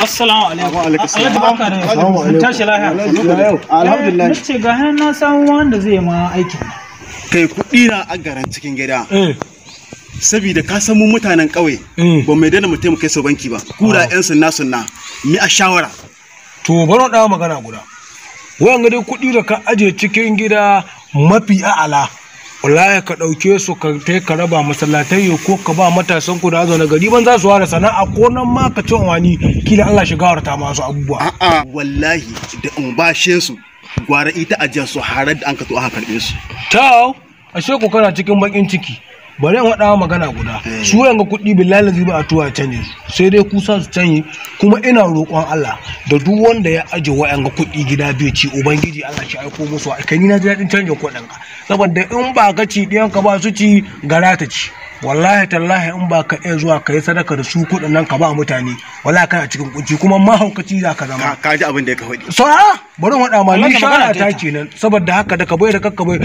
Assalamu alaikum. Wa ka Allah eh, ne. na samu wanda zai ma Kai kuɗi na a garan cikin gida. Eh. Sabida ka san mu mutanen ƙauye eh. ba mai dana mutum kai su banki ba. Kura 'yan ah. sunna sunna mi a shawara. To bari ɗawa magana guda. Wayan ga dai kuɗi da ka ajiye cikin gida mafi a'ala. wallahi ka ɗauke su ka kai ka raba masallatai ko ka ba matasan ku da zaune gari ban za su ware sana'a ko nan ma ka ci wani kila Allah shiga ta masu abubuwa a'a wallahi da in bashe su gwara ita ajiyar su harar da an ka to aka karɓe su Tau, ashe ku kana cikin bakin ciki bari in waɗawa magana guda eh. su yanga kuɗi billahi zai ba a tuwa canje sai dai kusa su canji kuma ina roƙon Allah da duk wanda ya aje wa'anga kuɗi gida biyu ci ubangiji Allah shi aiko musu a kai ni na ji daɗin canjin kuɗin ka saboda in ba ka ci ɗiyan ka ba su ci gara ta ci wallahi tallahi in ba ka iya zuwa ka yi sadaka da su kuɗin nan ka ba mutane wallahi kana cikin kunci kuma mahaukaci za ka zama ka ji abin da ka faɗi so a ah, bari waɗa ma ni shawara ta kenan saboda haka da ka bai da kakka bai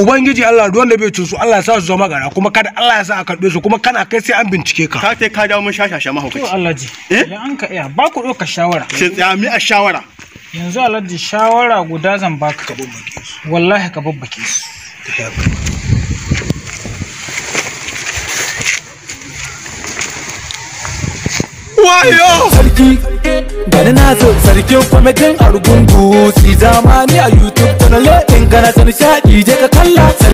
ubangiji Allah duk wanda bai cin su Allah ya sa su zama gara kuma kada Allah ya sa a karɓe su kuma kana kai sai an bincike ka ka sai ka dawo mun shashashe mahaukaci to Allah ji eh? idan an ka iya ba ku ɗauka shawara shin tsaya mi a shawara yanzu alhaji shawara guda zan baka ka babbake su wallahi ka babbake su wayo sarki gani na zo sarkin kwamitin argungu si zamani a youtube channel in gana ta nishaɗi je ka kalla